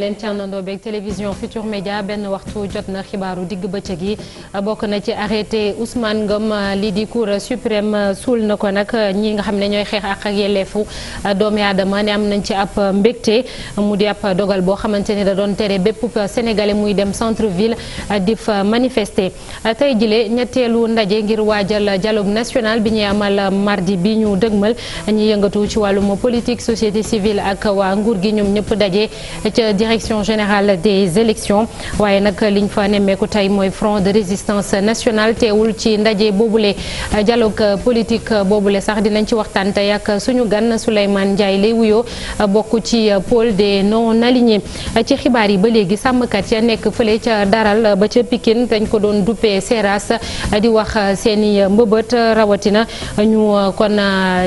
leen ci àndandoo beeg télévision Futur Média benn waxtu jot na xibaaru digg bëccëg yi bokk na ci arrêté Ousmane Ngom lii di cour suprême suul na ko nag ñi nga xam ne ñooy xeex ak ak yelleefu doomi aadama ne am nañ ci ab mbégte mu di ab dogal boo xamante ne da doon tere bépp sénégalais muy dem centre ville di fa manifester. tey jile ñetteelu ndaje ngir waajal dialogue national bi ñuy amal mardi bi ñu dëgmal ñi yëngatu ci wàllum politique société civile ak waa gi ñoom ñëpp direction générale des élections waaye nag liñ fa nemmeeku tey mooy front de résistance nationale teewul ci ndaje boobule euh, dialogue euh, politique euh, boobule sax dinañ ci waxtaan tey ak suñu gan Souleymane Ndiaye lay wuyoo bokk ci pôle des non alignés ci xibaar yi ba léegi sàmmkat ya nekk fële ca daral ba ca pikin dañ ko doon duppee Seras di wax seeni mbëbët rawatina ñu kon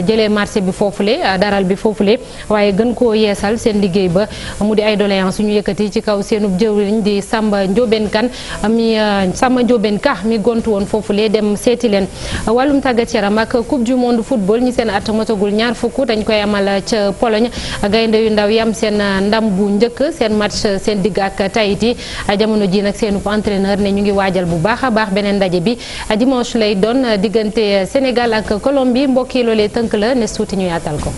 jëlee marché bi foofule daral bi foofule waaye gën koo yeesal seen liggéey ba mu di ay doléance suñu yëkkati ci kaw seenub jëwriñ di Samba Ndiobène Kane mi euh, Samba Ndiobène mi gontu woon foofu lee dem seeti leen wallum tàggat yaram ak coupe du monde football ñi seen at motagul ñaar fukk dañ koy amal ca Pologne gaynde yu ndaw yam seen ndam bu njëkk seen match seen digg ak Tahiti jamono ji nag seenub entraîneur ne ñu ngi waajal bu baax a baax beneen ndaje bi dimanche lay doon diggante Sénégal ak Colombie mbokk yi loolee tënk la ne suuti ñu yaatal ko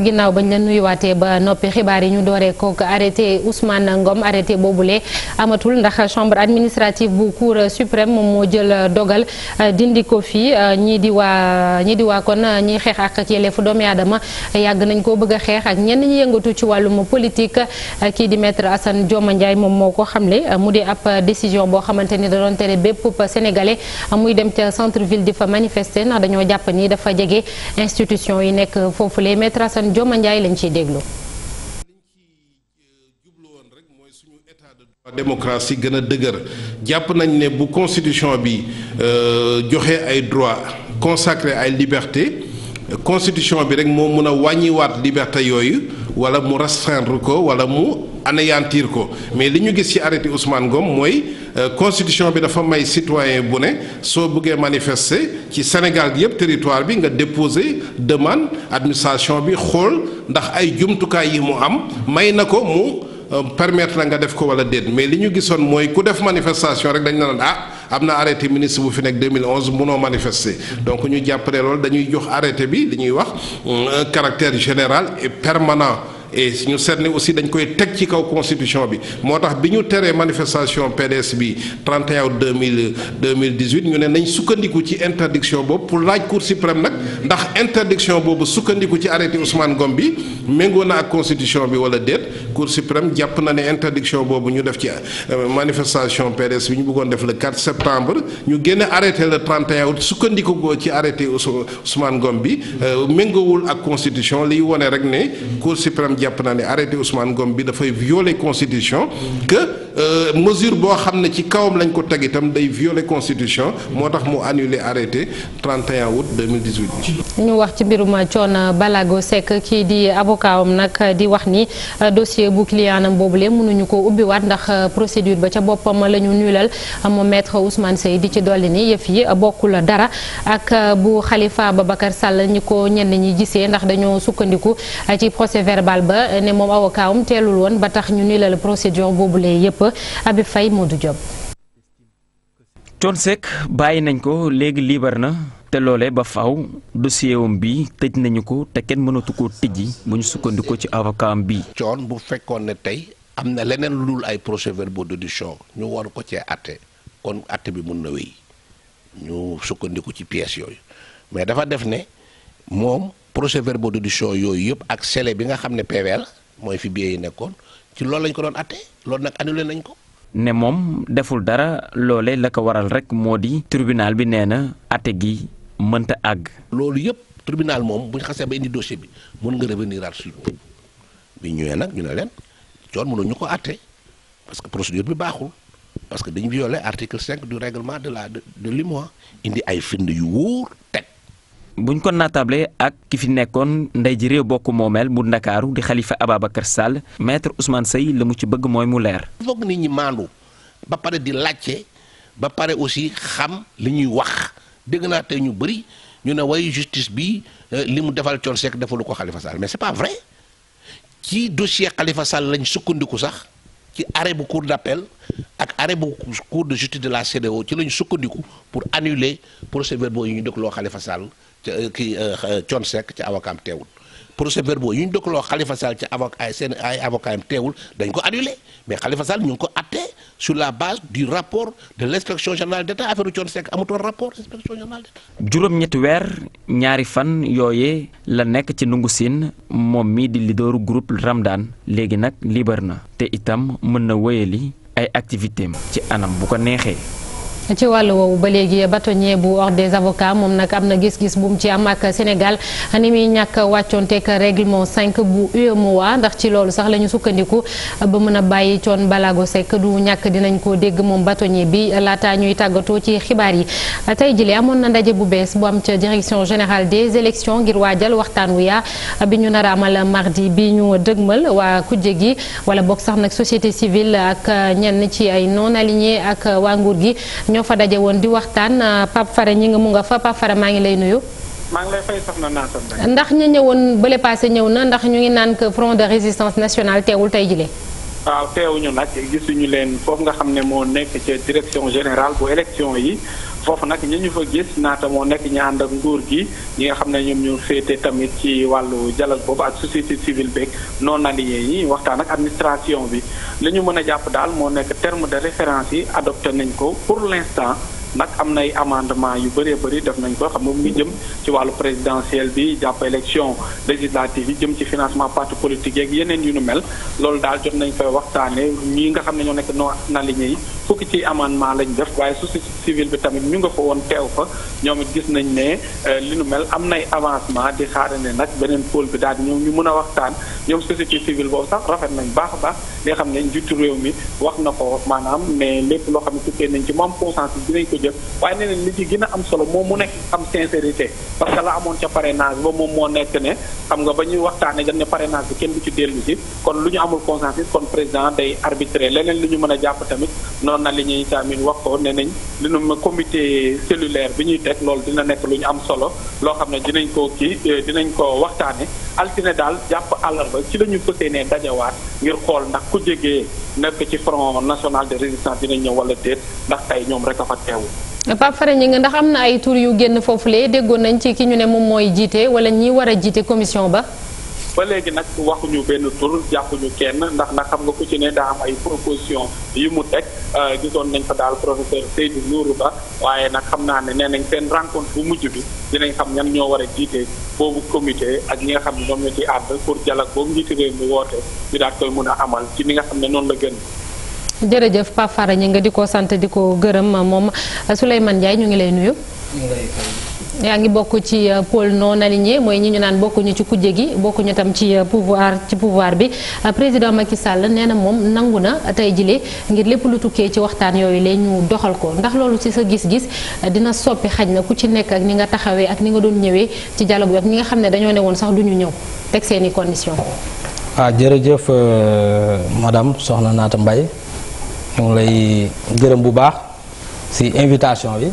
ginnaaw bañ la nuyuwaatee ba noppi xibaar yi ñu dooree kook arrêté Ousmane Ngom arrêté boobule amatul ndax chambre administrative bu cour suprême moom moo jël dogal euh, dindi ko fii euh, ñii di waa ñii di waa kon euh, ñiy xeex ak ak yelleefu doomi aadama yàgg nañ ko bëgg xeex ak ñenn ñi yëngatu ci wàllum politique kii di maître Assane Dioma Ndiaye moom moo ko xamle mu di ab décision boo xamante ni da doon tere bépp sénégalais muy dem ca centre ville di fa manifester ndax dañoo jàpp kon Dioma Ndiaye lañ ciy déglu. démocratie gën a dëgër jàpp nañ ne bu constitution bi euh, joxe ay droits consacré ay liberté constitution bi rek moo mun a wàññiwaat liberté yooyu wala mu restreindre ko wala mu anéantir ko mais li ñu gis ci arrêté Ousmane Ngom mooy euh, constitution bi dafa may citoyen bu ne soo bëggee manifester ci Sénégal gi yëpp territoire bi nga déposer demande administration bi xool ndax ay jumtukaay yi mu am may na ko mu euh, permettre la nga def ko wala déet mais li ñu gisoon mooy ku def manifestation rek dañ na naan ah am na arrêté ministre bu fi nekk 2011 mënoo manifester donc ñu jàppale loolu dañuy jox arrêté bi dañuy wax euh, caractère général et permanent et ñu seetne aussi dañ koy teg ci kaw constitution bi moo tax bi ñu teree manifestation PDS bi 31 août 2000 2018 ñu ne nañ sukkandiku ci interdiction boobu pour laaj cour suprême nag ndax interdiction boobu sukkandiku ci arrêté Ousmane Ngom bi méngoo na ak constitution bi wala déet cour suprême jàpp na ne interdiction boobu ñu def ci euh, manifestation PDS bi ñu bëggoon def le 4 septembre ñu génne arrêté le 31 août sukkandiku ko ci arrêté Ousmane Ngom bi euh, méngoowul ak constitution liy wone rek ne jàpp naa ne arrêté Ousmane Ngom bi dafay violer constitution que euh, mesure boo xam ne ci kawam lañ ko teg itam day violer constitution moo tax mu annuler arrêté 31 août 2018 bi ñu wax ci mbirum Thione Balago Seck kii di avocat am nag di wax ni euh, dossier bu client am boobule mënuñu ko ubbiwaat ndax euh, procédure ba ca boppam la ñu nulal mu maître Ousmane Seye di ci dolli ni yëf yi bokkul dara ak bu Khalifa Babacar Sall ñi ko ñenn ñi gisee ndax dañoo ba ne moom avocat am teelul woon ba tax ñu ni la procédure boobulee yëpp Habib Faye Modou Diop. Thione Seck bàyyi nañ ko léegi liibar na te loole ba faw dossier bi tëj nañu ko te kenn mënatu ko tijji bu ñu sukkandikoo ci avocat am bii. Thione bu fekkoon ne tey am na leneen lu dul ay procès-verbaux d'audition ñu war ko cee àtte kon àtte bi mun na wéy ñu sukkandiku ci pièces yooyu mais dafa def ne. moom procès verbaux d'audition yooyu yëpp ak scellé bi nga xam ne PV la mooy fi yi nekkoon ci loolu lañ ko doon atte loolu nag annulé nañ ko. ne moom deful dara loole la ko waral rek moo di tribunal bi nee na atte gi mënta àgg. loolu yëpp tribunal moom bu ñu xasee ba indi dossier bi mën nga revenir à suite bi ñëwee nag ñu ne leen coon ñu ko atte parce que procédure bi baaxul parce que dañu violé article cinq du règlement de la de l'UEMOA indi ay firnde yu wóor teg. buñ kon naatable ak ki fi nekkoon ndey ji réew bokk moomeel bu ndakaaru di xalifa Ababacar Sall maître Ousmane Seye la mu ci bëgg mooy mu leer. foog nit ñi maandu ba pare di laajte ba pare aussi xam li ñuy wax dégg naa tey ñu bëri ñu ne way justice bi euh, li mu defal Thione Seck defalu ko xalifa Sall mais c'est pas vrai ci dossier xalifa Sall lañ sukkandiku sax ci arrêt bu cour d'appel ak arrêt bu cour de justice de la CEDEAO ci lañ sukkandiku pour annuler procès verbaux yi ñu dëkk loo Euh, kii euh, euh, Thione Seck ci avocat am teewul procès verbaux yi ñu dëkkaloo xalifa Sall ci avoc ay seen ay avocat am teewul dañ ko annulé mais xalifa Sall ñu ngi ko atte sur la base du rapport de l' inspection de d' état affaire Thione amutoon rapport inspection générale d' état juróom-ñetti weer ñaari fan yooye la nekk ci nungu siin moom mii di leaderu groupe Ramdan léegi nag libre na te itam mën na wéyali ay activité am ci anam bu ko neexee ci wàllu woowu ba léegi bâtonnier bu ordre des avocats moom nag am na gis-gis bu mu ci am ak Sénégal ni muy ñàkk wàccoonteeg règlement 5 bu UEMOA ndax ci loolu sax la ñu sukkandiku ba mën a bàyyi coon balago sek du ñàkk dinañ ko dégg moom bâtonnier bi laata ñuy tàggatoo ci xibaar yi tey jile amoon na ndaje bu bees bu am ca direction générale des élections ngir waajal waxtaan wu yaa bi ñu nar a amal mardi bi ñu dëgmal waa kujje gi wala bokk sax nag société civile ak ñenn ci ay ak waa gi ñoo fa daje woon di waxtaan euh, Pape Fara ñi nga mu nga fa Pape Fara maa ngi lay nuyu. maa ngi lay fay soxna Naata Mbengue. ndax ñu ñëwoon bële passé ñëw na ndax ñu ngi naan que front de résistance nationale teewul tey jile. waaw teewuñu nag gisuñu leen foofu nga xam ne moo nekk ca direction générale bu élection yi. foofu nag ñi ñu fa gis naata moo nekk ñi ànd nguur gi ñi nga xam ne ñoom ñu féete tamit ci wàllu jalal boobu ak société civile beeg non alignés yi waxtaan ak administration bi li ñu mën a jàpp daal moo nekk terme de référence yi adopté nañ ko pour l'instant nag am nay amendement yu bëree bëri def nañ ko xam nga mu ngi jëm ci wàllu présidentiel bi jàpp élection législative yi jëm ci financement parti politique yeeg yeneen yu nu mel loolu daal jot nañ koy waxtaane ñi nga xam ne ñoo nekk non alignés yi fukki ci amendement lañ def waaye société civile bi tamit ñu nga fa woon teew fa ñoom it gis nañ ne euh, li nu mel am nay avancement di ne nag beneen pôle bi daal di ñëw ñu mën a waxtaan ñoom société civile boobu sax rafet nañ baax baax li nga xam ne njiitu réew mi wax na ko maanaam ne lépp loo xam ne tukkee nañ ci moom conscience bi dinañ ko jël waaye nee nañ li ci gën a am solo moom mu nekk am sincérité parce que la amoon ca parrainage ba moom moo nekk n xam nga ba ñuy waxtaane dañ ne parrainage bi kenn du ci dellu si kon lu ñu amul conscience kon président day arbitré leneen li ñu mën a jàpp tamit doon na li ñuy tamit wax ko ne nañ li nu comité cellulaire bi ñuy teg loolu dina nekk lu ñu am solo loo xam ne dinañ ko kii euh, dinañ ko waxtaane altine daal jàpp àllarba ci la ñu fësee ne dajawaat ngir xool ndax ku jegee nekk ci front national de résistance dinañ ñëw wala déet ndax tey ñoom rek a fa teewu Pape Fara Gningue ndax am na ay tur yu génn foofulee déggoon nañ ci ki ñu ne moom mooy jiite wala ñi war a jiite commission ba ba léegi nag waxuñu benn tur jàppuñu kenn ndax nag xam nga ku ci ne daa am ay proposition yu mu teg euh, gisoon nañ fa daal professeur Seydou Nourou Ba waaye nag xam naa ne nee nañ seen rencontre bu mujj bi dinañ xam ñan ñoo war a jiite boobu comité ak ñi nga xam ne ñoom ñoo pour dialogue boobu njiitu réew mi woote ñu daal koy a amal ci ni nga xam ne noonu la gën. jërëjëf Pape Fara ñi nga di ko sant di ko gërëm moom Souleymane Ndiaye ñu ngi lay nuyu. ñu ngi yaa ngi bokk ci euh, pôle noonali aligné mooy ñi ñu naan bokkuñu ci kujje gi bokkuñu tam ci euh, pouvoir ci pouvoir bi euh, président Macky Sall nee na moom nangu na tey jile ngir lépp lu tukkee ci waxtaan yooyu la ñu doxal ko ndax loolu ci sa gis-gis dina soppi xaj na ku ci nekk ak ni nga taxawee ak ni nga doon ñëwee ci dialogue bi ak ñi nga xam ne dañoo ne woon sax du ñu ñëw teg seeni condition ah jërëjëf madame Soxna Naata Mbaye ñu ngi lay gërëm bu baax si invitation bi.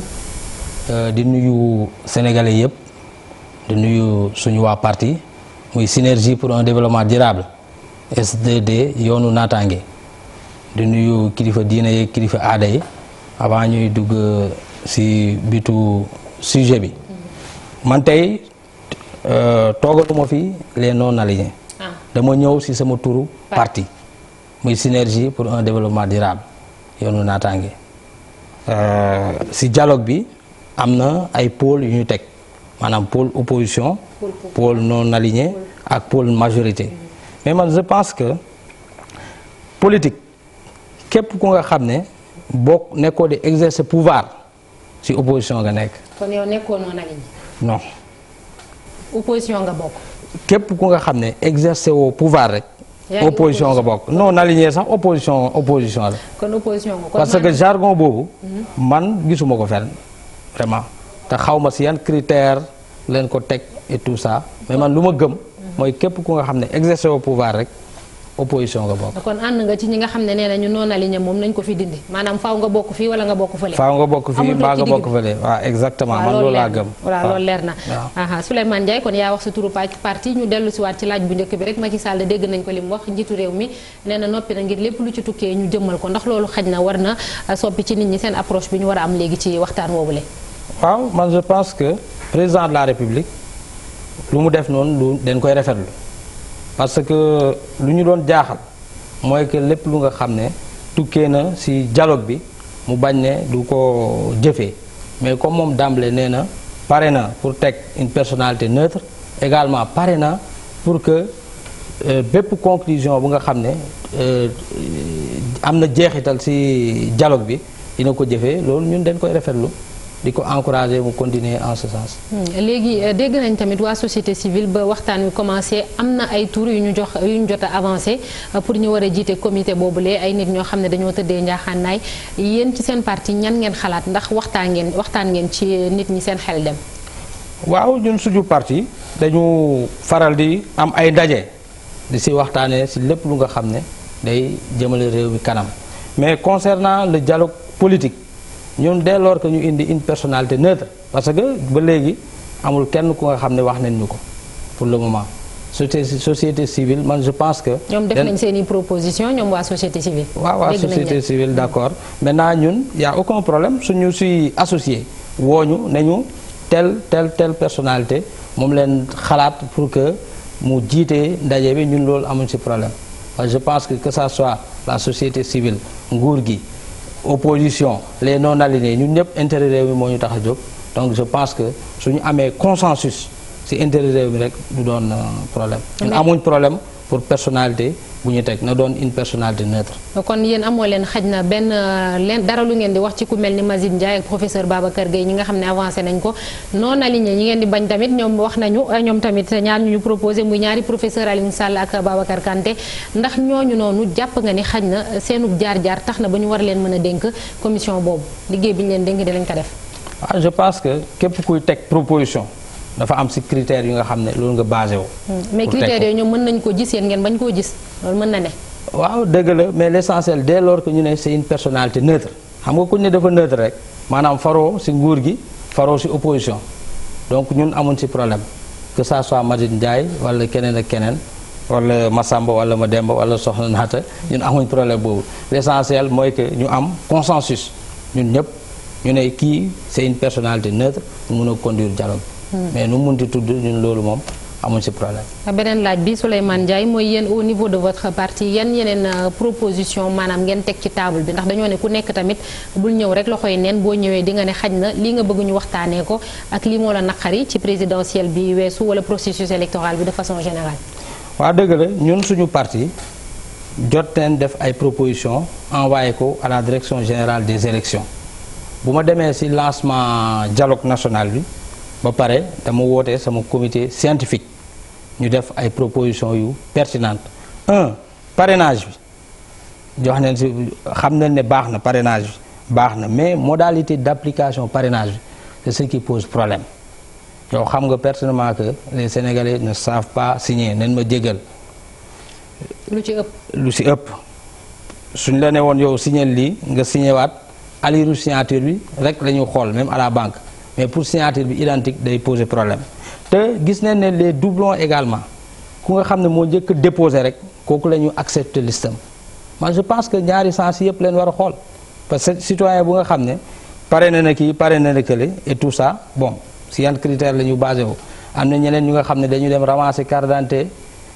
Euh, di nuyu sénégalais yëpp di nuyu suñu waa parti muy synergie pour un développement durable SDD yoonu nataange di nuyu kilifa diine yeeg kilifa aaday yi avant ñuy dugg euh, si bitu sujet bi man tey euh, toogaluma fi les non alignés ah. dama ñëw si sama turu parti muy synergie pour un développement durable yoonu naataange si dialogue bi am na ay pôle yu ñu teg maanaam pôle opposition pôle non aligné ak pôle majorité mais man je pense que politique képp ku nga xam ne bokk nekkoo de exercer pouvoir ci opposition nga nekk. kon yow nekkoo non aligné. non. nga bokk. képp ku nga xam ne exercer woo pouvoir rek. opposition nga bokk non aligné sax opposition opposition la. kon opposition parce que jargon boobu. Mhm. man gisuma ko fenn. vraiment te xaw ma si yan critère leen ko teg et tout ça mais man lu ma gëm mooy képp ku nga xam ne exercer au pouvoir rek opposition nga bokk. kon ànd nga ci ñi nga xam ne nee nañu noonu aligne moom nañ ko fi dindi maanaam faaw nga bokk fii wala nga bokk fële. faaw nga bokk fii mbaa nga bokk fële waaw exactement. man loolu laa gëm waaw loolu leer na waaw Souleymane Ndiaye kon yaa bi rek Macky Sall dégg nañ ko li mu wax njiitu réew mi nee na noppi na ngir lépp lu ci tukkee ñu jëmmal ko ndax loolu xaj na war na soppi ci nit ñi seen approche bi ñu war a léegi ci waxtaan woowule waaw man je pense que président de la république lu mu def noonu lu dañ koy rafetlu parce que lu ñu doon jaaxal mooy que lépp lu nga xam ne tukkee na si dialogue bi mu bañ ne du ko jëfee mais comme moom d'emblée nee na pare na pour teg une personnalité neutre également pare na pour que euh, bépp conclusion bu nga xam ne euh, am na jeexital ci jaloog bi dina ko jëfee loolu ñun dañ koy rafetlu. di ko encourager mu continuer en ce sens. Hmm. léegi euh, dégg nañ tamit waa société civile ba waxtaan wi commencé am na ay tour yu ñu jox yu jot a euh, pour ñu war a jiite comité boobule ay nit ñoo xam ne dañoo tëddee njaaxaanaay yéen ci seen parti ñan ngeen xalaat ndax waxtaan ngeen waxtaan ngeen ci nit ñi seen xel dem. waaw ñun suñu parti dañu faral di am ay ndaje di si waxtaanee si lépp lu nga xam ne day jëmale réew mi kanam mais concernant le dialogue politique. ñun dès lors que ñu indi une personalité neutre parce que ba léegi amul kenn ku nga xam ne wax nañ ñu ko pour le moment société société civile man je pense que. ñoom def nañ seen i proposition ñoom waa société civile. waaw waa société civile d' accord maintenant ñun y' a aucun problème suñu suy associé wooñu nañu tel tel tel personalité moom leen xalaat pour que mu jiitee ndaje bi ñun loolu amuñ ci problème je pense que que ça soit la société civile nguur gi. opposition les non alignés ñun ñëpp intérêt réew mi moo ñu tax a jóg donc je pense que suñu amee consensus si intérêt réew mi rek du doon euh, problème ñun amuñ problème pour personalité bu ñu teg na doon une personnalité neutre. kon yéen amoo leen xaj na benn leen dara lu ngeen di wax ci ku mel ni Mazid Ndiaye ak professeur Babacar Gueye ñi nga xam ne avancé nañ ko non aligné ñi ngeen di bañ tamit ñoom wax nañu eh, ñoom tamit ñaar ñu ñu proposé muy ñaari professeur Alioune Sall ak Babacar Kanté ndax jaar-jaar tax na ba ñu war leen mën a dénk commission boobu liggéey bi ñu leen dénk dinañ ko def. waaw ah, je pense que képp kuy teg proposition. dafa am si critères yi nga xam ne loolu nga basé wu. Hmm, mais critères yooyu ñoom ko loolu mën na ne. waaw dëgg la mais l'essentiel dès lors que ñu ne c'est une personnalité neutre xam nga ku ne dafa neutre rek maanaam faroo si nguur gi faroo si opposition donc ñun amuñ si problème que ça soit Madine Ndiaye wala keneen ak keneen wala Massamba wala demba wala soxla Naata ñun amuñ problème boobu l'essentiel mooy que ñu am consensus ñun ñëpp ñu ne kii c'est une personnalité neutre mu mën a conduire dialogue hmm. mais nu mu munti tudd ñun loolu moom. amuñ si problème. Ah, beneen laaj bi Souleymane Ndiaye mooy yéen au niveau de votre parti yan yeneen euh, proposition maanaam ngeen teg ci table bi ndax dañoo ne ku nekk tamit bul ñëw rek loxoy neen boo ñëwee di nga ne xaj na lii nga bëgg ñu waxtaanee ko ak lii moo la naqari ci présidentielle bi weesu wala processus électoral bi de façon générale. waaw dëgg la ñun suñu parti jot teen def ay proposition envoyé ko à la direction générale des élections bu ma demee si lancement dialogue national bi ba pare dama woote sama comité scientifique. ñu def ay propositions yu pertinentes un bi jox nañ si xam nañ ne baax na parenage bi baax na mais modalité d' application parrainage bi c' ce qui pose problème yow xam nga pertinemment que les sénégalais ne savent pas signer nañ ma jégal. lu ci ëpp lu ci ëpp suñ la ne woon yow signer li nga signer waat aliru signature bi rek la ñuy xool même à la banque. mais pour signature bi identique day poser problème te gis nañ ne les doublons également ku nga xam ne moo njëkk déposé rek kooku la ñu accepté listam man je pense que ñaari sance yëpp leen war a xool parce que citoyen bu nga xam ne pare na na kii pare na na kële et tout ça bon si yan critère la ñu basé wu am na ñeneen ñu nga xam ne dañu dem ramasser carte d'identité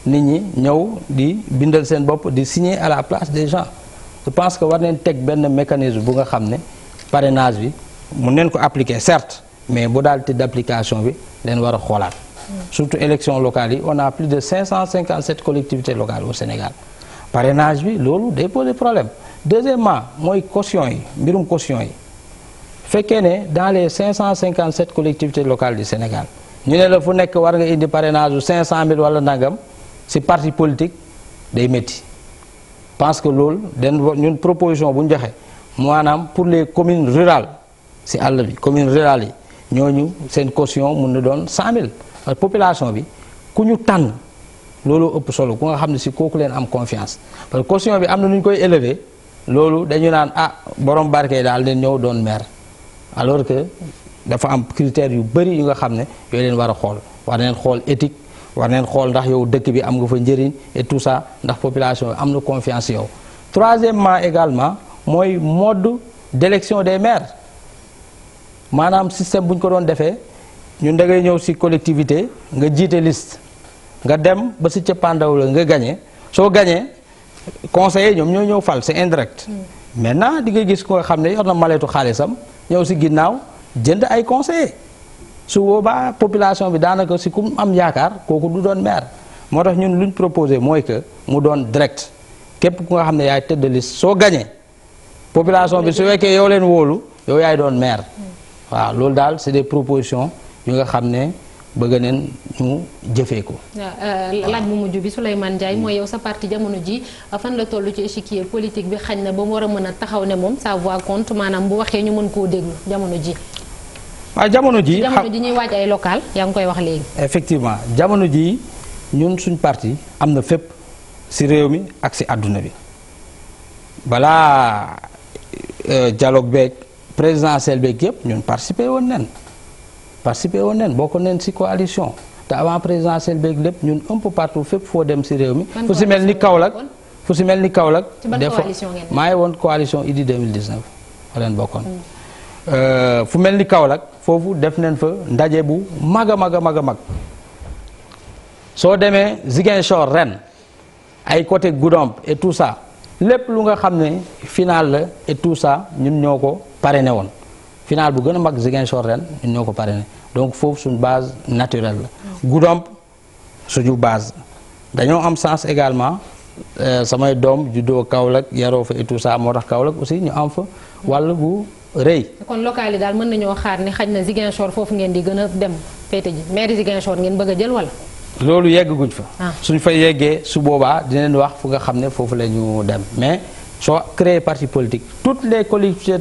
nit ñi ñëw di bindal seen bopp di signer à la place des gens je pense que war neen teg benn mécanisme bu nga xam ne parrainage bi mun neen ko appliquer certes mais bu daal modalité d'application bi dañ war a xoolaat hmm. surtout élection locale yi on a plus de 557 collectivités locales au Sénégal parrainage bi loolu day poser problème deuxièmement mooy caution yi mbirum costion yi fekkee ne dans les 557 collectivités locales du Sénégal ñu ne la fu nekk war nga indi parrainage bu 500000 wala nangam ci parti politique day métti parce que loolu den ñun proposition bu ñu joxe maanaam pour les communes rurales si àll bi communes rural yi ñooñu seen costion mun na doon cent mille population bi ku ñu tànn loolu ëpp solo ku nga xam ne si kooku leen am confiance parce que costion bi am na nu koy élever loolu dañu naan ah borom barke daal leen ñëw doon maire alors que dafa am critères yu bëri yu nga xam ne yooyu leen war a xool war neen xool étique war neen xool ndax yow dëkk bi am nga fa njëriñ et tout ça ndax population bi am na confiance yow troisièmement également mooy mode d'élection des maires maanaam système bu ñu ko doon defee ñun dangay ñëw si collectivité nga jiite liste nga dem ba si cëppaandaw la nga gagné soo gañee conseillers ñoom ñoo ñëw fal c'est indirect. Mm. maintenant di nga gis ko nga xam ne yor na maleetu xaalisam ñëw si ginnaaw jënd ay conseillers su boobaa population bi daanaka si ku am yaakaar kooku du doon maire moo tax ñun luñ proposé mooy que mu doon direct képp ku nga xam ne yaay tëdd liste soo gañee population bi su mm. fekkee yow leen wóolu yow yaay doon maire. Mm. waaw loolu daal c'est des propositions ñu nga xam ne bëgg neen ñu jëfee ko. Euh, laaj bu mujj bi Souleymane Ndiaye mm. mooy yow sa parti jamono ji fan la toll ci échiquier politique bi xañ na ba mu war a mën a taxaw ne moom sa voix compte maanaam bu waxee ñu mën koo déglu jamono ji. waaw jamono ji jamono ji ñuy waaj ay local yaa ngi koy wax léegi. effectivement jamono ji ñun suñ parti am na fépp si réew mi ak si àdduna bi balaa euh, dialogue beeg. présidentielle beeg yëpp ñun participer woon nen participer woon nen bokk neen ci coalition te avant présidentielle beeg lépp ñun un peu partout fépp foo dem ci réew mi. fu ci mel ni Kaolack fu ci mel ni Kaolack. ci ban coalition ngeen maa ngi woon coalition Idy 2019 ma leen bokkoon. Mm. Euh, fu mel ni Kaolack foofu def nen fa ndaje bu mag a mag a mag a mag soo demee Ziguinchor ren ay côté Goudomp et tout ça lépp lu nga xam ne final la et tout ça ñun ñoo ko. parrainé woon final bu gën a mag Ziguinchor ren ñun ñoo ko parrainé donc foofu suñu base naturelle la. Goudomp suñu base dañoo am sens également euh, samay doom juddoo Kaolack yaroo fa et tout ça moo tax Kaolack aussi ñu am fa wàll bu rëy. kon local yi daal mën nañoo xaar ni xaj na Ziguinchor foofu ngeen di gën a dem féete ji maire Ziguinchor ngeen bëgg a jël wala. loolu yeggaguñ fa. Ah. suñ fa yeggee su boobaa dinañ wax fu nga xam ne foofu la dem soo créé parti politique toutes les collectivités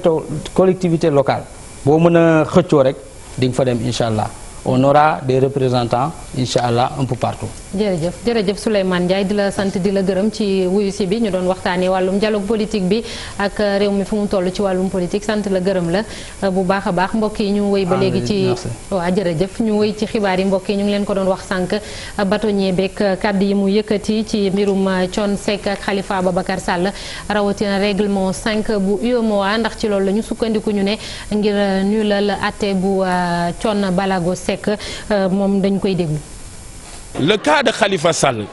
collectivités locales boo mën a xëccoo rek di nga fa dem incha allah on aura des représentants incha allah un peu partout. jërëjëf jërëjëf Souleymane Ndiaye di la sant di la gërëm ci wuyu si bi ñu doon waxtaanee wàllum dialogue politique bi ak réew mi fu mu toll ci wàllum politique sant la gërëm la bu baax a baax mbokk yi ñu wëy ba léegi ci waa jërëjëf ñu wëy ci xibaar yi mbokk yi ñu ngi leen ko doon wax sànq bâtonnier beeg kàdd yi mu yëkkati ci mbirum Thione Seck ak Khalifa Ababacar sàll rawatina règlement 5 bu waa ndax ci loolu lañu ñu sukkandiku ñu ne ngir ñu la la atte bu euh, Thione Balago Seck euh, moom dañ koy déglu Le cas de Khalifa Sall,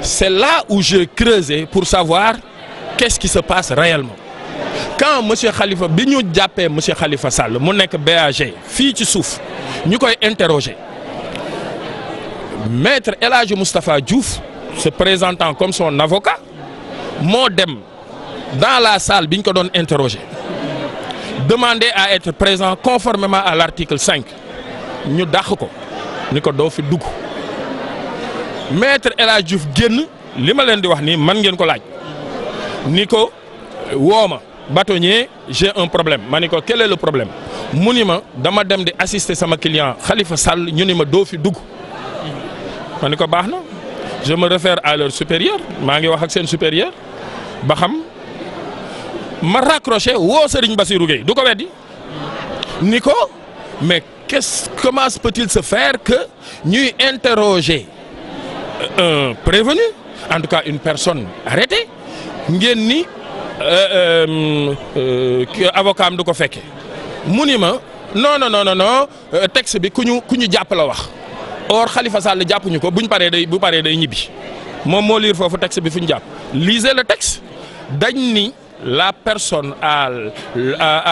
c'est là où j'ai creusé pour savoir qu'est-ce qui se passe réellement. Quand monsieur Khalifa bi ñu jàppee monsieur Khalifa Sall mu nekk BAG fii ci suuf ñu koy interroger maître El Hadji Moustapha Diouf se présentant comme son avocat moo dem dans la salle bi ñu ko doon interroger demander à être présent conformément à l'article 5 ñu dàq ko ni ko doo fi dugg. maître El Hadj Diouf génn li ma leen di wax nii man ngeen ko laaj ni ko woo ma bâtonnier j'ai un problème ma ni ko quel le problème mu ni ma dama dem di assister sama client xalifa Sall ñu ni ma doo fi dugg ma ni ko baax na je me réfère à leur supérieur maa ngi wax ak seen supérieur ba xam ma raccroché woo Serigne Bassirou Gueye du ko weddi ni ko mais quest commence comment peut-il se faire que ñuy interroger un euh, euh, prévenu en tout cas une personne arrêtée ngeen ni euh, avocat am du ko fekke mu ni ma non non non no texte bi ku ñu ku ñu jàpp la wax or Khalifa Sall jàppuñu ko bu buñ paree day bu paree day ñibbi moom moo liir foofu texte bi fu ñu jàpp lisez le texte dañ ni la personne a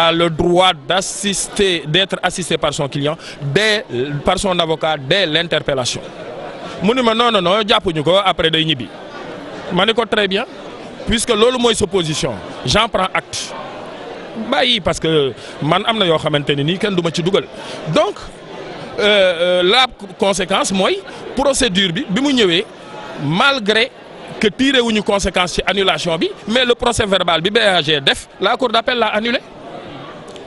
a le droit d'assister d'être assistée par son client dès par son avocat dès l'interpellation mu ni ma non non non jàppuñu ko après day ñibbi ma ni ko très bien puisque loolu mooy sa position j'en prends acte bàyyi parce que man am na yoo xamante ne nii kenn du ma ci dugal donc euh, euh la conséquence mooy procédure bi bi mu ñëwee malgré que tiré wuñu conséquence ci annulation bi mais le procès verbal bi BAG def la cour d'appel l'a annulé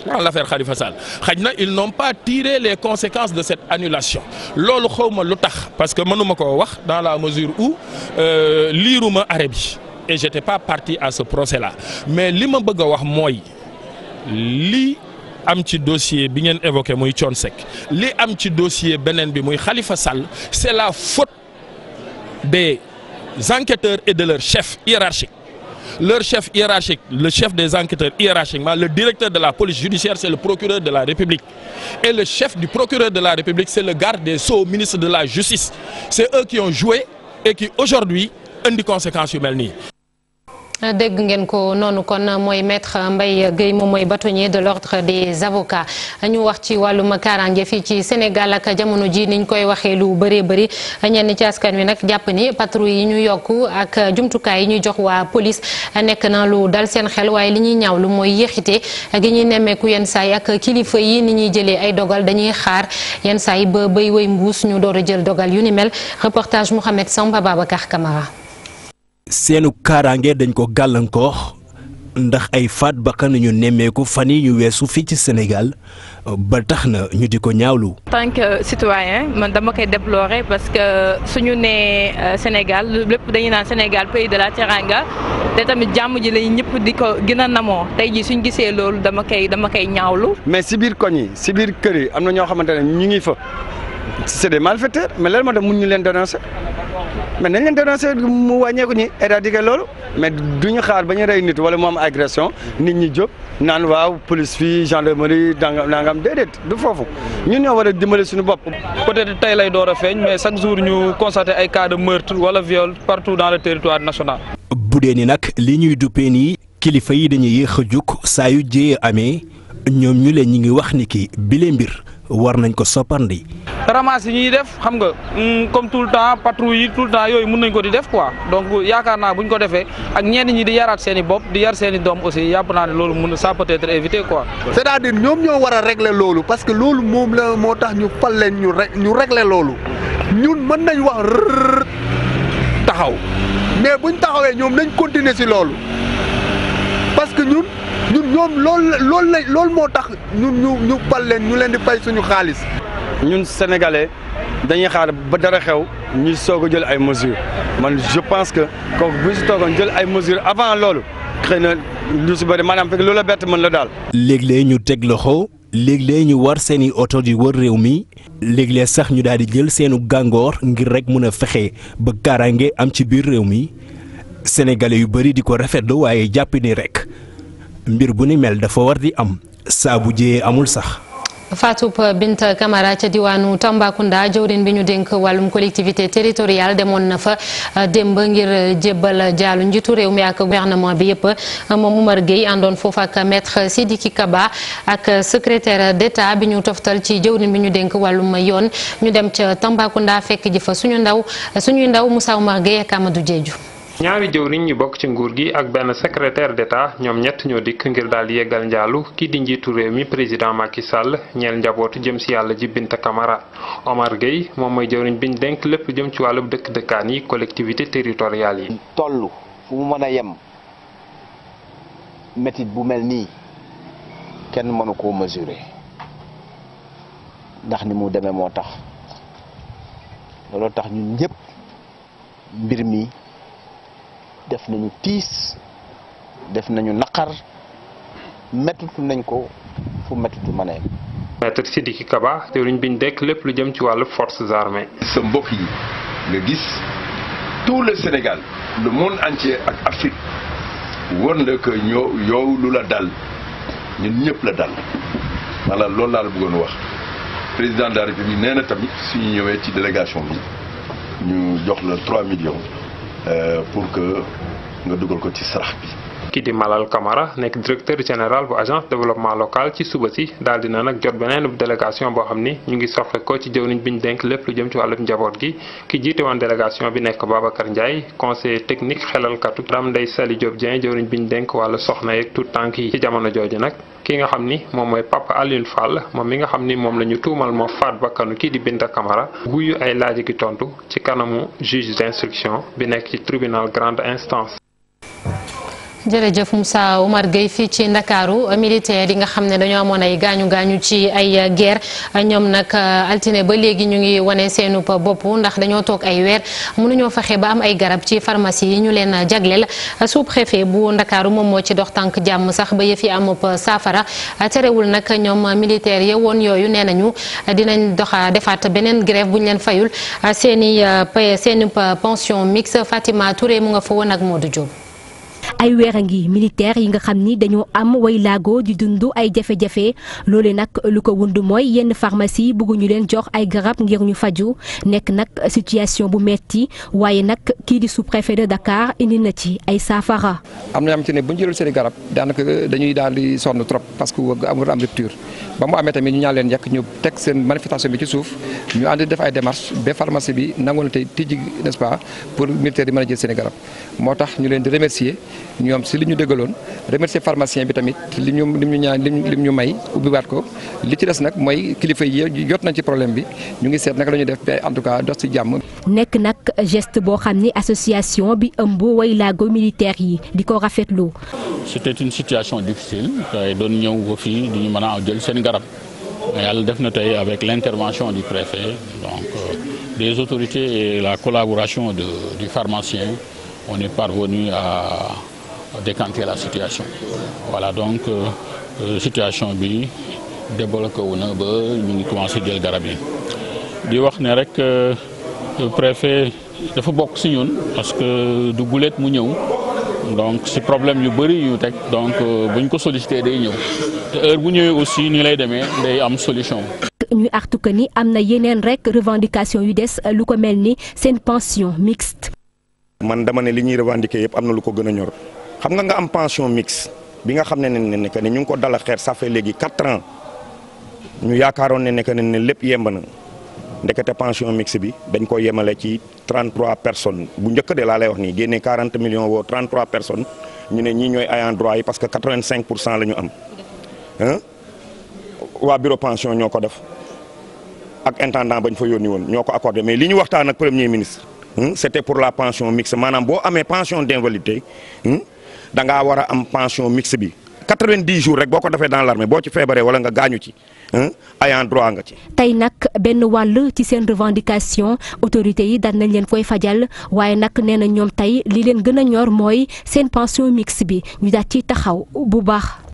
dans l'affaire Khalifa Sall xaj na ils n'ont pas tiré les conséquences de cette annulation loolu xaw ma lu tax parce que ma ko wax dans la mesure où euh, liiruma arrêt bi et j'étais pas parti à ce procès là mais li ma bëgg wax mooy li am ci dossier bi ngeen évoqué muy Thione Seck li am ci dossier beneen bi muy Khalifa Sall c'est la faute des enquêteurs et de leur chef hiérarchique Leur chef hiérarchique, le chef des enquêteurs hiérarchiquement, le directeur de la police judiciaire, c'est le procureur de la République. Et le chef du procureur de la République, c'est le garde des Sceaux, ministre de la Justice. C'est eux qui ont joué et qui aujourd'hui ont des conséquences humaines. dégg ngeen ko noonu kon mooy maître Mbaye Guèye moom mooy bâtonnier de l'ordre des avocats ñu wax ci wàllum kaaraange fii ci Sénégal ak jamono ji niñ koy waxee lu bëree bëri ñenn ci askan wi nag jàpp ni patrouille yi ñu yokk ak jumtukaay yi ñuy jox waa police nekk na lu dal seen xel waaye li ñuy lu mooy yéexite gi ñuy nemmeeku yenn saay ak kilifa yi ni ñuy jëlee ay dogal dañuy xaar yenn saay ba bay way mbuus ñu door a jël dogal yu ni mel reportage Mouhamed Samba Babacar seenu kaaraange dañ ko gàllankoor ndax ay faat bakkan ñu nemmeeku fan yi ñu weesu fii ci senegal ba tax na ñu di ko ñaawlu. en tant que citoyen man dama koy déplorer parce que suñu nee euh, Sénégal lépp dañu naan Sénégal pays de la teranga te tamit jàmm ji lañ ñëpp di ko gën a namoo tey jii suñu gisee loolu dama koy dama koy ñaawlu. mais si biir koñ yi si biir kër yi am na ñoo xamante ne ñu ngi fa c'est des malfaiteurs mais lan moo tax mun ñu leen dénoncer. mais nañ leen dénoncé mu wàññeeku ñi éradiquer loolu mais duñu xaar ba ñu rey nit wala moom am agression nit ñi jóg naan waaw police fii gendarmerie dangam nangam déedéet du foofu ñu ñoo war a dimbali suñu bopp. peut-être tey lay door a feeñ mais chaque jour ñu constaté ay cas de meurtre wala viol partout dans le territoire national. bu ni nag li ñuy duppee nii kilifa yi dañuy yéex jóg saa yu jéyee amee ñoom ñu leen ñi ngi wax ni ki bile mbir. war nañ ko soppandi. ramas yi ñuy def xam nga mm, comme tout le temps patrouille yi tout temps yooyu mun nañ ko di def quoi donc yaakaar naa bu ñu ko defee ak ñenn ñi di yaraat seen i bopp di yar seeni doom aussi yàpp naa ne loolu mun ça peut être évité quoi. cest à ñoom ñoo war a loolu parce que loolu moom la moo tax ñu fal leen ñu ñu régler loolu ñun mën nañu wax taxaw mais buñ taxawee ñoom nañ continuer si loolu parce que ñun. ñun ñoom loolu loolu la loolu moo tax ñu ñu fal leen ñu leen di fay suñu xaalis. ñun sénégalais dañuy xaar ba dara xew ñu soog a jël ay mesures man je pense que kooku bu si toogoon jël ay mesures avant loolu xëy na lu si bëri maanaam fekk loola bett mën la daal. léeg ñu teg loxo léeg-léeg ñu war seeni oto di wër réew mi léeg sax ñu daal di jël seenu gàngoor ngir rek mën a fexe ba kaaraange am ci biir réew mi sénégalais yu bëri di ko rafetlu waaye jàpp ni rek. mbir bu ni mel dafa war di am saa bu amul sax. Fatou Binta Camara ca diwaanu Tambacounda jëwrin bi ñu dénk wàllum collectivité territoriale demoon na fa euh, démb ngir jébbal jaalu njiitu réew mi ak gouvernement bi yëpp moom Oumar Gueye àndoon foofu ak maître Sidiki Kaba ak secrétaire d'État bi ñu toftal ci jëwrin bi ñu dénk wàllum yoon ñu dem ca Tambacounda fekk ji fa suñu ndaw suñuy ndaw Moussa Oumar Gueye ak Amadou Diédhiou ñaari jëwriñ yi bokk ci nguur gi ak benn secrétaire d'État ñoom ñett ñoo dikk ngir daal di yeggal njaalu kii di njiitu réew mi président Macky Sall ñeel njabootu jëm si yàlla ji Binta Camara Omar moom mooy jëwriñ biñ denk lépp jëm ci wàllub dëkk dëkkaan yi collectivité teritorial yi toll fu mu mën a yem métit bu mel nii kenn mënu koo mesurer ndax ni mu demee moo tax looloo tax ñun ñëpp mbir mi def nañu tiis def nañu naqar mettitu nañ ko fu mettitu ma ne maître te Kaba jëwriñ biñ dekk lépp lu jëm ci wàllu force armées sa mbokk yi nga gis tout le Sénégal le monde entier ak Afrique war na que yow lu la dal ñun ñëpp la dal voilà loolu laa la bëggoon wax président de la république nee na tamit suñu ñëwee ci délégation bi ñu jox la 3 millions euh, pour que nga dugal ko ci sarax bi. ki di Malal Camara nekk directeur général bu agence développement local ci suba si daal dina nag jot beneen délégation boo xam ni ñu ngi soxla ko ci jëwriñ bi ñu denk lépp lu jëm ci wàllum njaboot gi ki jiite woon délégation bi nekk Babacar Ndiaye conseiller technique xelalkatu Ram Ndeye Sali Diop Dieng jëwriñ bi ñu denk wala soxna yeeg tout tànk yi ci jamono jooju nag ki nga xam ni moom mooy Papa Alioune Fall moom mi nga xam ni moom la ñu tuumal moo faat bakkanu kii di Binta Camara wuyu ay laaj ki tontu ci kanamu juge d'instruction bi nekk ci tribunal grande instance jërëjëf Moussa Omar Gueye fii ci Ndakaaru militaire yi nga xam ne dañoo amoon ay gaañu gaañu ci ay guerre ñoom nag altine ba léegi ñu ngi wane seenu bopp ndax dañoo toog ay weer mënuñoo fexe ba am ay garab ci pharmacie yi ñu leen jagleel sous-préfet bu Ndakaaru moom moo ci dox tànk jàmm sax ba yëf yi saafara terewul nag ñoom militaire ya woon yooyu nee nañu dinañ doxa defaat beneen grève bu ñu leen fayul seeni seeni pension mixte Fatima Touré mu nga fa woon ak du Diop ay weer a ngi militaire yi nga xam ni dañoo am way laago di dund ay jafe-jafe loole nag lu ko wund mooy yenn pharmacie bëgguñu leen jox ay garab ngir ñu faju nekk nag situation bu metti waaye nag kii di sous-préfet de Dakar indi na ci ay saafara. am na am ci ne bu ñu jëlul seen garab daanaka dañuy daal di sonn trop parce que amul am rupture ba mu amee tamit ñu ñaan leen yàq ñu teg seen manifestation bi ci suuf ñu ànd def ay démarches ba pharmacie bi nangu na tey pour militaire yi mën a jël moo tax ñu leen di remercier. ñoom si li ñu dëggaloon remercier pharmacien bi tamit li ñu lim ñu ñaan lim ñu may ubbiwaat ko li ci des nag mooy kilifa yi jot nañ ci problème bi ñu ngi seet nag la ñuy def en tout cas dox ci jàmm. nekk nag geste boo xam ni association bi ëmb way laago militaire yi di ko rafetlu. c'était une situation difficile tey doon ñëw ba fii duñu mën a jël seen garab yàlla def na tey avec l'intervention du préfet donc euh, des autorités et la collaboration de du pharmacien on décanter la situation voilà donc euh, euh, situation bi débloqué wu na ba ñu ngi commencé jël garab yi di wax ne rek euh, préfet dafa bokk si ñun parce que du guleet mu ñëw donc si problème yu bëri yu teg donc bu ñu ko sollicité day ñëw te heure bu ñëwee aussi ni lay demee day am solution. ñuy artu que ni am na yeneen rek revendication yu des lu ko mel ni seen pension mixte. man dama ne li ñuy revendiquer yëpp am na lu ko gën a ñor. xam nga nga am pension mixte bi nga xam ne ne ne que ne ñu ngi ko dala xeer ça fait léegi quatre ans ñu yaakaaroon ne ne que ne ne lépp yemb na ndekete pension mixte bi dañ ko yemale ci 33 personnes bu njëkk de laa lay wax nii génne 40 millions woo 33 personnes ñu ne ñi ñooy ayant droit yi parce que 85 pour cent la ñu am waa bureau pension ñoo ko def ak intendant bañ fa yónni woon ñoo ko accordé mais li ñu waxtaan ak premier ministre c'était pour la pension mixte maanaam boo amee pension d'invalidité da ngaa war a am pension mixte bi 90 jours rek boo ko defee dans l'armée boo ci feebaree wala nga gaañu ci ayant droit nga ci. tey nag benn wàll ci seen revendication autorités yi dal nañ leen koy fajal waaye nag nee na ñoom tey li leen gën a ñor mooy seen pension mixte bi ñu daal ci taxaw bu baax.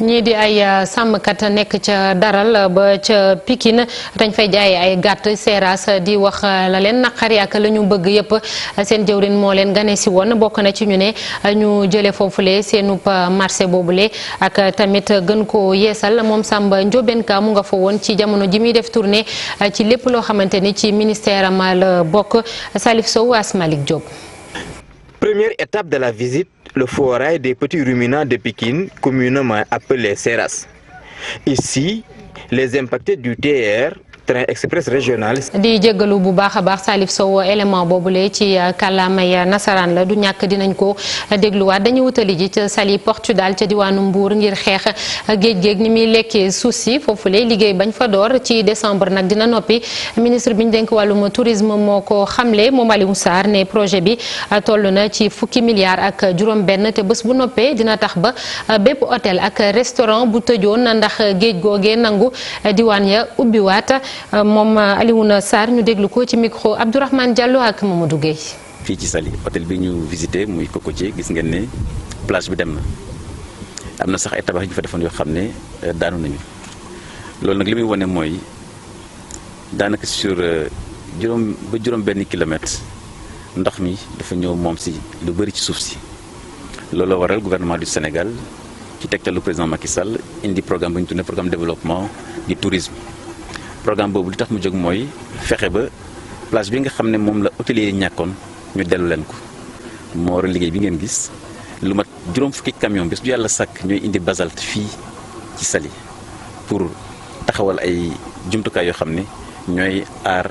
ñii di ay ah, sàmmkat nekk ca daral ah, ba ca Pikine dañ fay jaaye ay gàtt seeraas ah, di wax la leen naqari ak la ñu bëgg yépp seen jëwrin moo leen gane si woon bokk na ci ñu ne ñu jële foofule seenub marché boobule ak tamit gën ko yeesal moom Samba Ndiobène Ka mu nga fa woon ci jamono ji muy def tournée ci lépp loo xamante ni ci ministère a la bokk Salif Sow Asmalik Diop Première étape de la visite, le forêt des petits ruminants de Pékin, communément appelé Seras. Ici, les impactés du TR train express régional. di jéggalu bu baax a baax Salif Sow élément boobule ci euh, kàllaamay nasaraan la du ñàkk dinañ ko euh, dégluwaat dañu wutali ji ca Saly Portudal ca diwaanu Mbour ngir xeex euh, géej géej ni muy lekkee suuf si foofule liggéey bañ fa door ci décembre nag dina noppi ministre bi ñu dénk wàllum tourisme moo ko xamle moom Alioune Sarr ne projet bi toll na ci fukki milliards ak juróom-benn te bés bu noppee dina tax ba bépp hôtel ak restaurant bu tëjoon ndax géej googee nangu diwaan ya ubbiwaat. Euh, moom euh, na Sarr ñu déglu ko ci micro Abdourahmane Diallo ak Mamadou Gueye. fii ci Saly hôtel bi ñu visité muy Cocotier gis ngeen ne plage bi dem na am na sax ay tabax yi ñu fa defoon yoo xam ne euh, daanu nañu loolu nag li muy wane mooy daanaka sur juróom ba juróom benn kilomètre ndox mi dafa ñëw moom si lu bëri ci suuf si looloo waral gouvernement du Sénégal ci tegtalu président Macky Sall indi programme bu ñu tuddee programme développement du tourisme. programme boobu li tax mu jóg mooy fexe ba place bi nga xam ne moom la hôtelier ñàkkoon ñu dellu leen ko moo waral liggéey bi ngeen gis lu mat juróom fukki camion bis du yàlla sàkk ñooy indi basalte fii ci sali pour taxawal ay jumtukaay yoo xam ne ñooy aar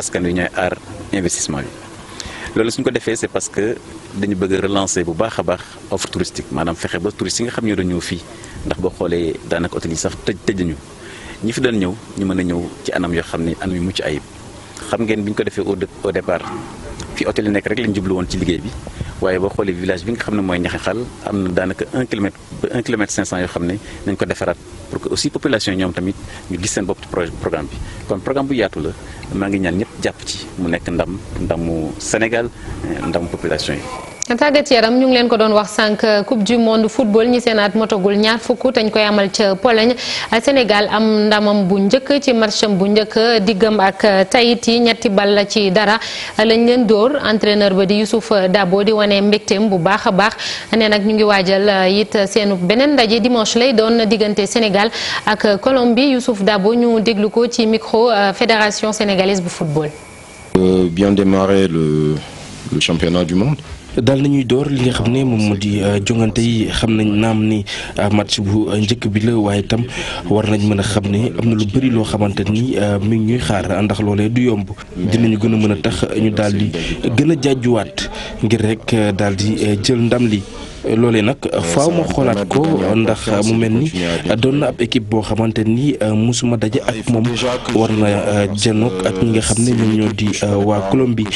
askan wi ñooy aar investissement bi loolu suñ ko defee c'est parce que dañu bëgg a relancer bu baax a baax offre touristique maanaam fexe ba touristes yi nga xam ñoo dañoo fii ndax boo xoolee daanaka hôtel sax tëj tëj ñi fi doon ñëw ñu mën a ñëw ci anam yoo xam ne anam yu mucc ayib xam ngeen bi ñu ko defee au au départ fi hôtel yi nekk rek lañ jublu woon ci liggéey bi waaye boo xoolee village bi nga xam ne mooy Ñaxexal am na daanaka un kilomètre ba un kilomètre cinq cent yoo xam ne nañ ko defaraat pour que aussi population ñoom tamit ñu gis seen bopp ci programme bi kon programme bu yaatu la maa ngi ñaan ñëpp jàpp ci mu nekk ndam ndamu Sénégal ndamu population yi tàggat yaram ñu ngi leen ko doon wax sànq coupe du monde football ñi seen at motagul ñaar fukk te ñu koy amal ca Pologne Sénégal am ndamam bu njëkk ci matcham bu njëkk diggam ak Tahiti ñetti bal la ci dara lañ leen dóor entreneur ba di Youssouf Dabo di wane mbégteem bu baax a baax nee ak ñu ngi waajal uh, it seenu beneen ndaje dimanche lay doon diggante senegal ak Colombie Youssouf Dabo ñu déglu ko ci micro uh, fédération sénégalaise bu football. Euh, bien démarrer le le daal nañuy door li nga xam ne moom moo di euh, jongante yi xam nañ naam ni euh, match bu euh, njëkk bi la waaye itam war nañ mën a xam ne am na lu bëri loo xamante ni mi ngi ñuy xaar ndax loole du yomb dinañu gën a mën a tax ñu daal di gën a jàjjuwaat ngir rek daal di jël ndam li loolee nag euh, faaw ma xoolaat ko ndax mu mel ni doon na ab équipe boo xamante ni euh, musuma daje ak ah, moom war na euh, janook ak ñi nga xam ne ñoom ñoo di waa Colombie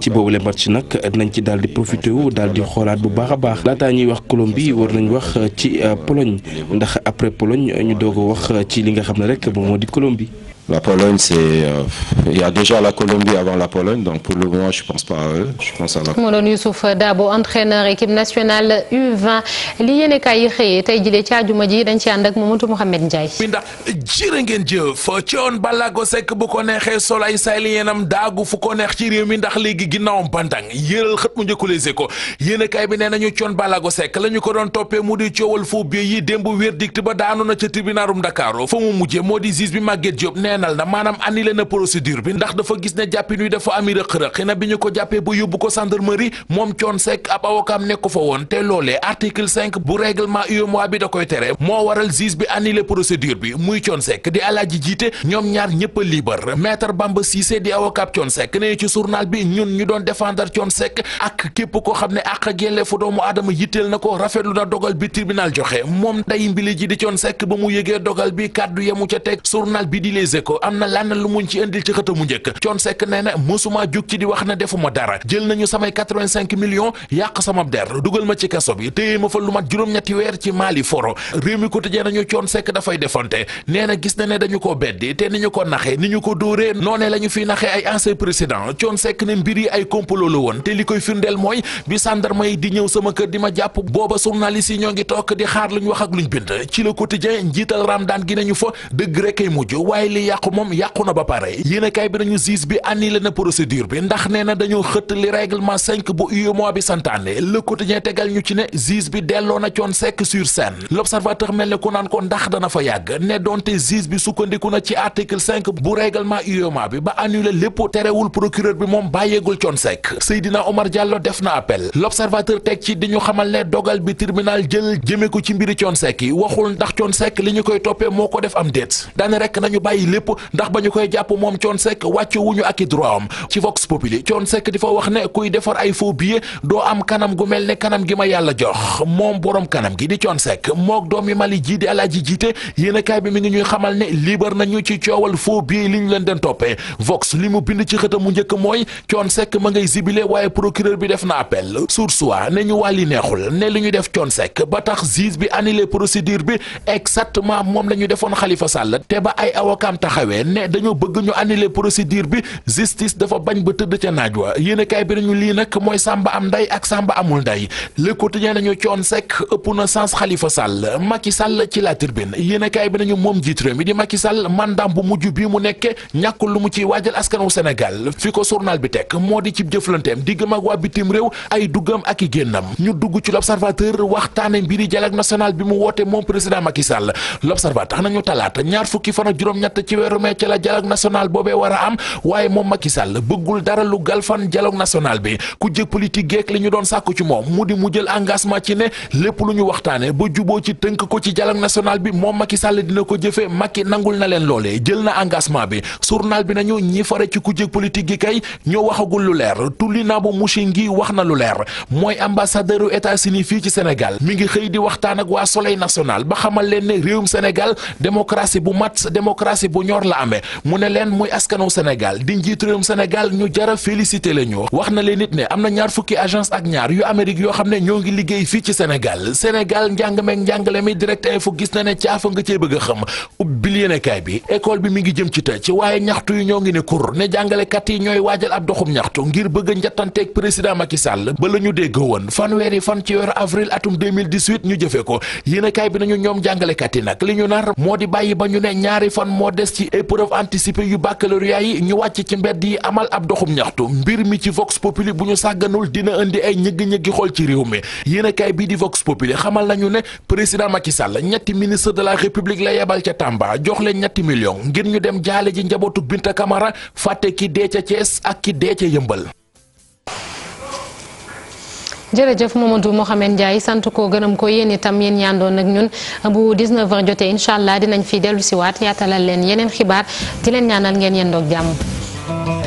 ci boobule match nag nañ ci daal di profité wu daal di xoolaat bu baax a baax laataa ñuy wax Colombie war nañu wax ci poloñ ndax après poloñ ñu doog a wax ci li nga xam ne rek moom moo di Colombie. La Pologne, c'est. Euh, il y a déjà la Colombie avant la Pologne, donc pour le moment, je pense pas eux. Je pense à la. moo doon Youssouf Dabo entraîneur équipe nationale li yéen a kaay xëyee tey jii ci ji dañ ci ànd ak Mamadou Mouhamed Ndiaye. bi ndax jërë ngeen jëf Thione Ballago Seck bu ko neexee solo ay sahélienam daagu fu ko neex ci réew mi ndax léegi ginnaawam bantang yëral xët mu njëkk Les Échos a kaay bi nee nañu Thione Ballago Seck la ko doon toppee mu di coowal faux billets yi démb verdict ba daanu na ca neenal na maanaam annulé na procédure bi ndax dafa gis ne jàppin wi dafa ami rëq-rëq xëy na bi ñu ko jàppee ba yóbbu ko gendarmerie moom coon ab awokaam nekk fa woon te loolee article 5 bu règlement UEMOA bi da koy tere moo waral juge bi annulé procédure bi muy coon di alaaji jiite ñoom ñaar ñëpp a libre Bamba Cissé di awokaab coon sekk ne ci journal bi ñun ñu doon défendre coon ak képp koo xam ne ak ak yelleefu doomu aadama yitteel na ko rafetlu ko am na lan lu muñ ci indil ci xët mu njëkk coon sekk nee na mësuma jug ci di wax ne defuma dara jël nañu samay 85 yàq sama der dugal ma ci kaso bi téye ma fa lu mat juróom-ñetti weer ci Mali foro réew mi quotidien nañu coon sekk dafay defante nee na gis na ne dañu ko beddi te ni ñu ko naxe ni ñu ko dóoree noonee la ñu fiy naxe ay ancien président coon sekk ne mbir yi ay complot la woon te li koy firndeel mooy bi sandarma yi di ñëw sama kër di ma jàpp booba journaliste yi ñoo ngi toog di xaar luñ wax ak luñ bind ci le quotidien njiital gi nañu fa dëgg rek ay mujj yàqu moom yàqu na ba pare yéenekaay bi nañu juge bi annulé na procédure bi ndax nee na dañoo xëtt li règlement 5 bu UEMOA bi santaane Le Quotidien tegal ñu ci ne juge bi delloo na coon sekk sur scène L'Observateur mel ne ku naan ko ndax dana fa yàgg ne doonte juge bi sukkandiku na ci article 5 bu règlement UEMOA bi ba annulé lépp terewul procureur bi moom bàyyeegul coon sekk Seydina Omar Diallo def na appel L'Observateur teg ci di ñu xamal ne dogal bi tribunal ko ci mbiri coon sekk yi waxul ndax coon sekk li ñu koy toppee moo ko def am lépp ndax ba ñu koy jàpp moom Thione Seck wàcce wuñu ak i droit am ci Vox Populi Thione Seck di fa wax ne kuy defar ay faux doo am kanam gu mel ne kanam gi ma yàlla jox moom borom kanam gi di Thione Seck doom doomi Mali ji di Alaaji Jiite yéenekaay bi mi ngi ñuy xamal ne liibar nañu ci coowal faux billets li ñu leen den toppee Vox li mu bind ci xëtam mu njëkk mooy Thione Seck ma ngay zibile waaye procureur bi def na appel sursoir ne ñu wàlli neexul ne li ñu def Thione Seck ba tax juge bi annulé procédure bi exactement moom la ñu defoon Khalifa Sall te ba ay taxawee ne dañoo bëgg ñu annuler procédure bi justice dafa bañ ba tëdd ca naaj wa yéenekaay bi nañu lii nag mooy Samba am nday ak Samba amul nday Le Quotidien nañu coon sec ëpp na sens Khalifa Sall Macky Sall ci La Tribune yéenekaay bi nañu moom jiit réew mi di Macky Sall mandaam bu mujj bii mu nekke ñàkkul lu mu ciy waajal askanu Sénégal fi ko journal bi teg moo di ci jëflanteem diggam ak waa bitim réew ay duggam ak i génnam ñu dugg ci l'Observateur waxtaane mbiri dialogue national bi mu woote moom président Macky Sall l'Observateur tax nañu talaata ñaar fukki weeru mai ci la dialogue national boobee war a am waaye moom Macky Sall bëggul dara lu galfan dialogue national bi ku jëg geek li ñu doon sàkku ci moom mu di mu jël engagement ci ne lépp lu ñu waxtaane ba juboo ci tënk ko ci dialogue national bi moom Macky Sall dina ko jëfee Macky nangul na leen loolee jël na engagement bi journal bi nañu ñi fare ci ku jëg politique gi kay ñoo waxagul lu leer Tulinabo Mushingi wax na lu leer mooy ambassadeur u États-Unis fii ci Sénégal mi ngi xëy di waxtaan ak waa Soleil national ba xamal leen ne réewum Sénégal démocratie bu ñor la amee mu ne leen muy askanu Sénégal di njiitu réewum Sénégal ñu jara félicité la ñu wax na leen nit ne am na ñaar fukki agence ak ñaar yu Amérique yoo xam ne ñoo ngi liggéey fii ci Sénégal Sénégal njàng meeg njàngale mi direct info gis na ne caafa nga cee bëgg a xam ubbil bi école bi mi ngi jëm ci tëj waaye ñaxtu yu ñoo ngi ne kur ne jàngalekat yi ñooy waajal ab doxum ñaxtu ngir bëgg a bi li ñu nar moo di bàyyi ba ñu ne ñaari fan moo des ci épreuve anticipée yu baccalauréat yi ñu wàcc ci mbedd yi amal ab doxum ñaxtu mbir mi ci Vox Populi bu ñu sàgganul dina indi ci réew mi yéenekaay bii di Vox Populi xamal nañu ne président Macky ñetti ministre de la République la yebal ca Tamba jox leen ñetti million ngir ñu dem jaale ji njabootu Binta Camara fàtte ki dee ca Thiès ak ki dee ca Yëmbal. jërëjëf Mamadou Mohamed Ndiaye sant ko gërëm ko yéen itam yéen ñaandoon ak ñun bu 19 jotee incha allah dinañ fi dellu siwaat yaatalal leen yeneen xibaar di leen ñaanal ngeen yendoog jàmm.